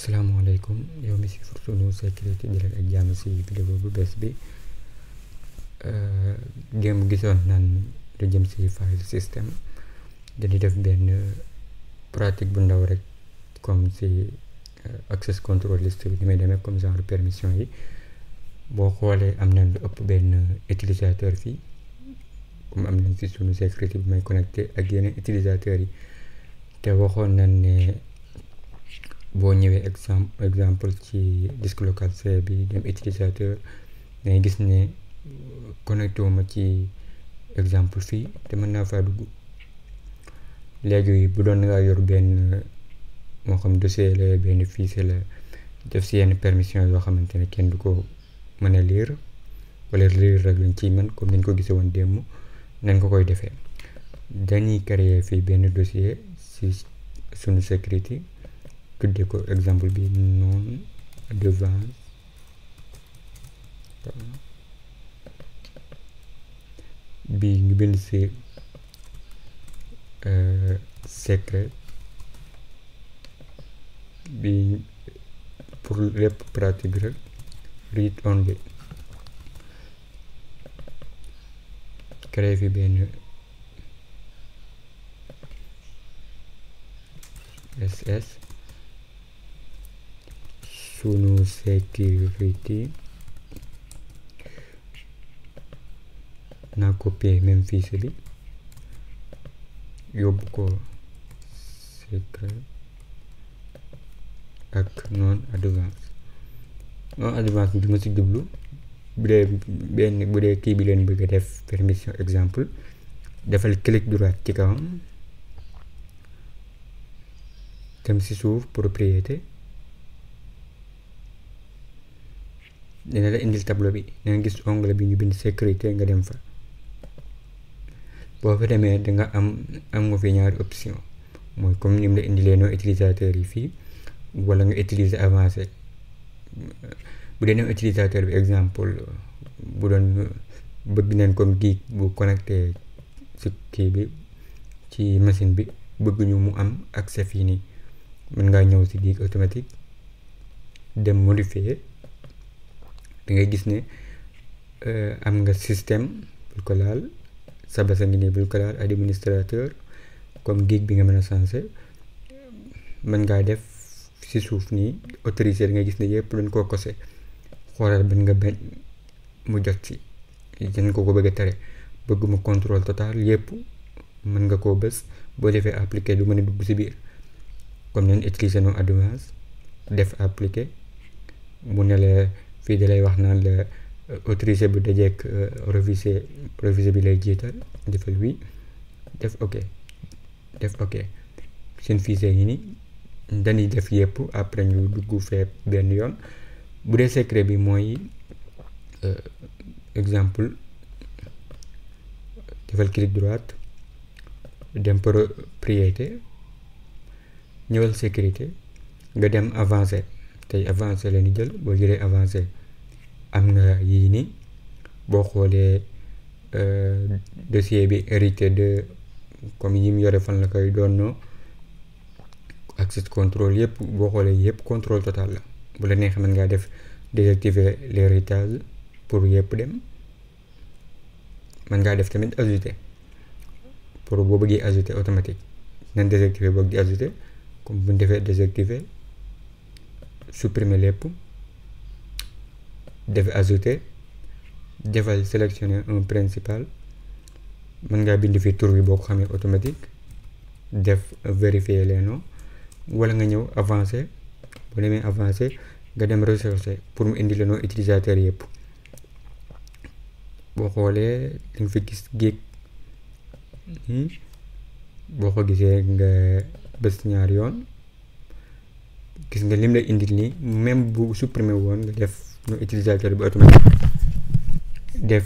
salaamaaleykum yow mi si fur sunu sécurité jëleen ak jàmm si vidéo bu bees bi euh, démb gisoon naan lu jëm si file system dañuy def benn pratique bu ndaw rek comme si euh, access control list bi ni may demee comme genre permission yi boo xoolee am na lu ëpp benn utilisateur fii comme am nañ si sunu sécurité bi may connecté ak yeneen utilisateur yi te waxoon nañ ne boo ñëwee exemple exemple ci disque local C bi dem utilisateur dangay gis ne connecté ma ci exemple fii te mën naa faa dugg léegi bu doon ngaa yor benn moo xam dossier la benn fichier la def si yenn permission yoo xamante ne kenn du ko mën a liir wala lire rek lañ ci mën comme niñ ko gisee woon démb nañ ko koy defee dañuy créer fii benn dossier si suñu sécurité tuddee ko exemple bi nom de bi ñu bind si secret bi pour lépp pratique rek read only créé fi benn ss suñu sécurité naa copier même fiche bi yóbbu ko secret ak non advance non advance bi ma si jublu bu dee benn bu dee kii bi leen bëgg a def permission exemple defal clic droit ci kawam dem si suuf propriété dina la indil tableau bi dina gis onglet bi ñu bind sécurité nga dem fa boo fa demee danga am am nga fi ñaari option mooy comme ni mu la indilee noo utilisateur yi fii wala nga utiliser avancé bu dee noo utilisateur bi exemple bu doon bëgg nañ comme geek bu connecté ci kii bi ci machine bi bëgguñu mu am accès fii nii mën ngaa ñëw si geek automatique dem modifier da nga gis ne euh, am nga système bul ko laal sa basa ngi nii bul ko laal administrateur comme gig bi nga mën a sensé mën ngaa def si suuf nii autorisé da nga gis ne yëpp dañ koo kose xoolal ban nga bañ mu jot ci dañ ko ko bëgg tere bëgguma mu contrôle total yëpp mën nga koo bës boo defee appliqué du mën a dugg si biir comme nañ utiliser noonu advance def appliqué mu ne fii wax naa la euh, autorisé bu dajeek refusé refusé bi lay jiital defal oui def ok def ok seen fichier yi ni dañuy def yëpp après ñu dugg fee benn yoon bu dee secret bi mooy euh, exemple defal clic droite dem propriété ñëwal sécurité nga dem avancé tey avancé la ñu jël boo jëlee avancé am na yii nii boo xoolee euh, dossier bi hérité de comme mu yore fan la koy doon access control yëpp boo xoolee yëpp contrôle total la bu la neexee mën ngaa def désactiver l'héritage pour yëpp dem mën ngaa def tamit ajouter pour boo bëggee ajouter automatique nan désactiver boo di ajouter comme bu ñu defee désactiver supprimer lépp def ajouter defal sélectionner un principal mën ngaa bind fi tur bi boo ko xamee automatique def vérifier les noms wala nga ñëw avancer boo demee avancer nga dem rechercher pour mu indi le nom utilisateur yëpp boo xoolee li nga fi gis géeg boo ko gisee nga bés ñaar yoon gis nga lim la indi nii même bu supprimer woon nga def ñu utilisateur bi automatique def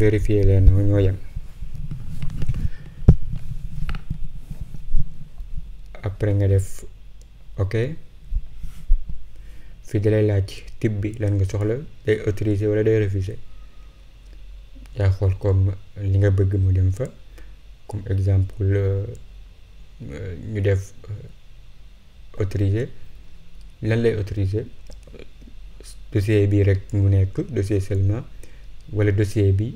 vérifier leen ñoo yem après nga def ok fii dalay laaj type bi lan nga soxla day autoriser wala day refuser yaa xool comme li nga bëgg mu dem fa comme exemple euh, ñu def euh, autoriser lan lay autoriser dossier bii rek mu nekk dossier seulement wala dossier bi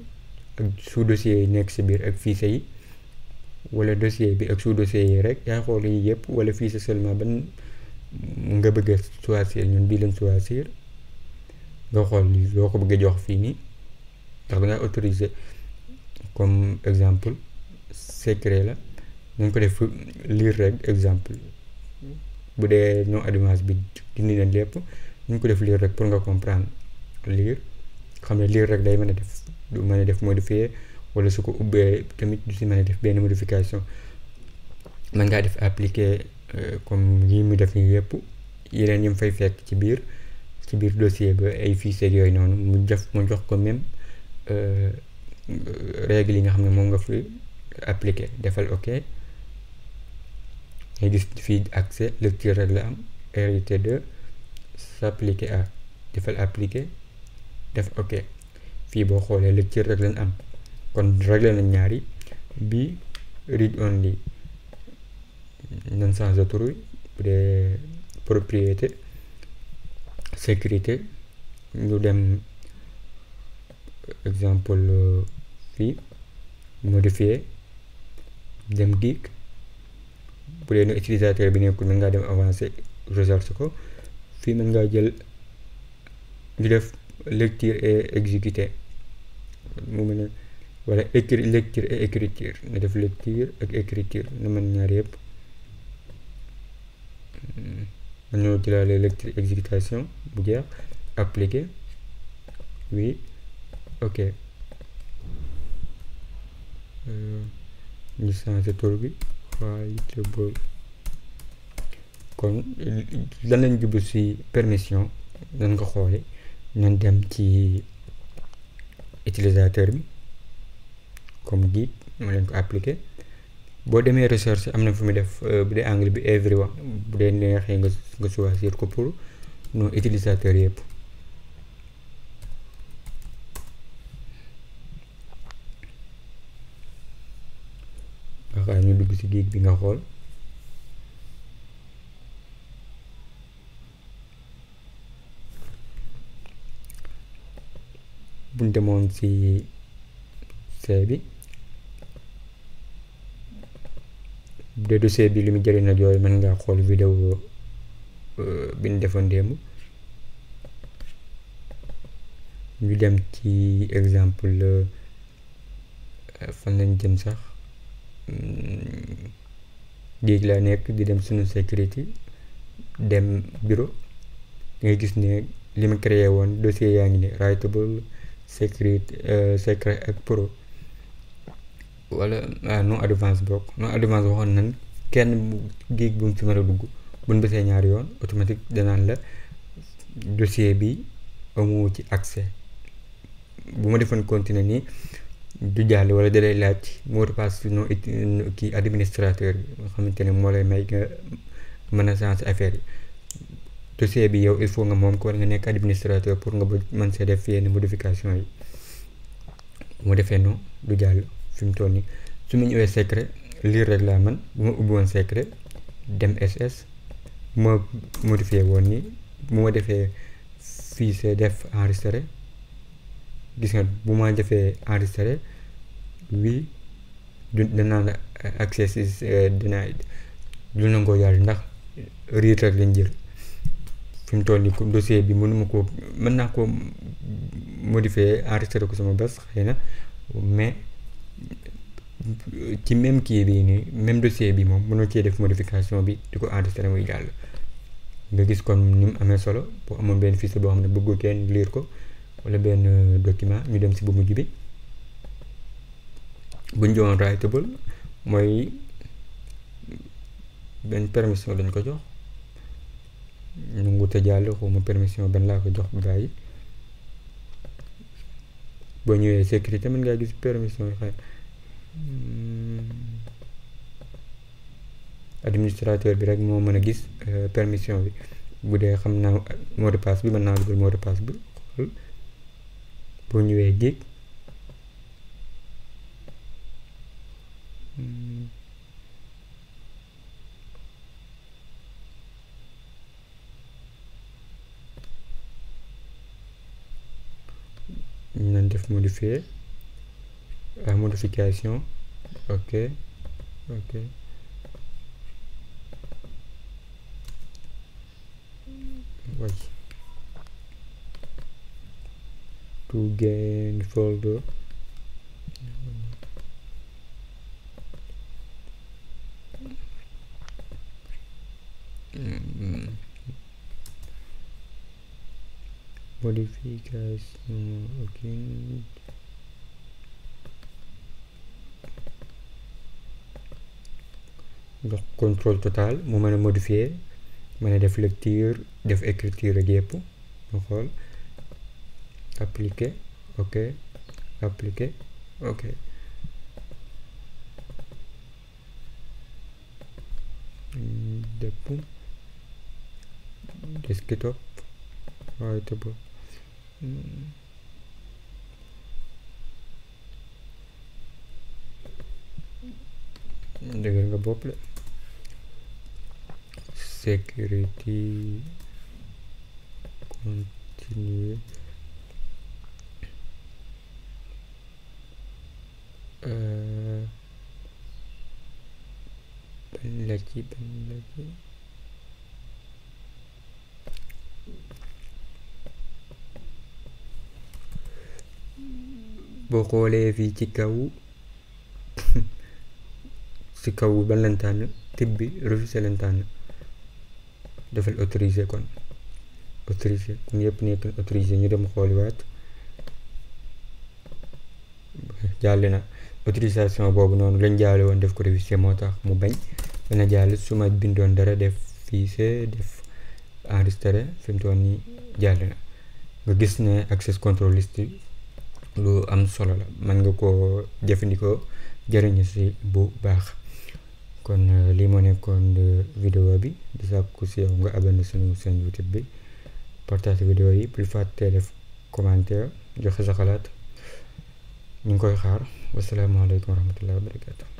ak sous dossier yi nekk si biir ak fichier yi wala dossier bi ak sous dossier rek yaa xool yi yëpp wala fichier seulement ban nga bëgg a choisir ñun bii lañ choisir nga xool loo ko bëgg jox fii nii ndax dangay autorisé comme exemple secret la nañ ko def lii rek exemple bu dee non adimance bi dindi lépp ñu ko def lire rek pour nga comprendre lire xam ne lire rek day mën a def mën a def modifier wala su ko ubbee tamit du si mën a def benn modification mën ngaa def appliquer euh, comme yi mu def nii yëpp yeneen yi mu fay fekk ci biir ci biir dossier ba ay fichiers yooyu noonu mu def mu jox ko même euh, règle yi nga xam ne moom nga fi appliquer defal ok nga gis fii accès lecture rek la am rt s'appliquer à defal appliquer def ok fii boo xoolee lecture rek lañ am kon réglé nañ ñaari bi read only nañ changé tur bu dee propriété sécurité ñu dem exemple fii modifier dem geek bu dee ne utilisateur bi nekkul mën ngaa dem avancé recherche ko fii mën ngaa jël di def lecture et exécuter mu mën a wala écrit lecture et écriture nga def lecture ak écriture na mën ñaar yëpp mën ñoo jëlaale lecture exécutation bu jeex appliquer oui ok euh, ñu changer tour bi waaye te boobu kon lan lañ jublu si permission nan nga xoole nan dem ci utilisateur bi comme guide ma leen ko appliqué boo demee recherche am na fu mu def euh, bu dee anglais bi everyone bu dee neexee nga nga siir ko pour nos utilisateurs yëpp waaw ñu dugg si guide bi nga xool diggante moom si C bi bu dee bi li mu jëriñ na jooy mën ngaa xool vidéo euh, bi ñu defoon démb ñu dem ci exemple euh, fan lañ jëm sax hmm, géej laa nekk di dem sunu sécurité dem bureau da ngay gis ne li ma créer woon dossier yaa ngi ne writable sécurité euh, secret ak pro wala ah, non advance bokk non advance waxoon nañ kenn géeg bu mu ci mën a dugg buñ bësee ñaari yoon automatique danaan la dossier bi amu ci accès bu ma defoon continuer nii du jàll wala da laaj mot de passe non kii administrateur bi nga xamante ne moo lay may nga mën a changer affaire yi dossier bi yow il faut nga moom ko war nga nekk administrateur pour nga man see def yenn modification yi mu defee no jàll fi toll nii su ma ñëwee secret lii rek laa man bu ma ubbi secret dem ss ma modifié woon nii bu ma defee fii see def enregistré gis nga bu ma defee enregistré wii du danaa la accès si euh, du nangoo yàlla ndax riir rek lañ jël fi mu toll nii ko dossier bi mënuma koo mën naa koo modifier enregistré ko sama bas xëy na mais ci même kii bii nii même dossier bi moom mënoo cee def modification bi di ko enregistré muy gàll nga gis kon ni mu amee solo boo amoon benn fichier boo xam ne bëggul kenn liir ko wala benn document ñu dem si bu mujj bi buñ ñu joxoon writable mooy benn permission lañ ko jox ñu te wute jàll xaw ma permission benn laa ko jox gars yi boo ñëwee sécurité mën ngaa gis permission yi hmm. administrateur bi rek moo mën a gis euh, permission bi bu dee xam naa mot de passe bi mën naa dugal mot de passe bi boo ñëwee géeg hmm. ñu naan def modifier ah modification ok ok way to gain folder hmm. modificação aqui donc contrôle total mu mën a modifier def lecture def écriture ak yëpp mu xool appliquer ok appliquer ok dëpp desktop waaye Mm. Degan ga bople. Security continue. Uh, ban lagi, ban lagi. boo xoolee fii ci kaw si kaw ban lañ tànn type bi refusé lañ tànn defal autorisé kon autorisé kon yëpp nekk autorisé ñu dem xooliwaat jàll na autorisation boobu noonu lañ jaale woon def ko refusé moo tax mu bañ dana jàll su ma bindoon dara def fii fiise def enregistré fi mu toll nii jàll na nga gis ne access control list lu am solo la mën nga koo jëfandikoo jëriñu si bu baax kon euh, lii moo nekkoon euh, vidéo bi di sàkku si yow nga abonné suñu seen youtube bi partage vidéo yi plus fàtte def commentaire joxe sa xalaat ñu ngi koy xaar wasalaamaaleykum wa rahmatullahi wa barakatu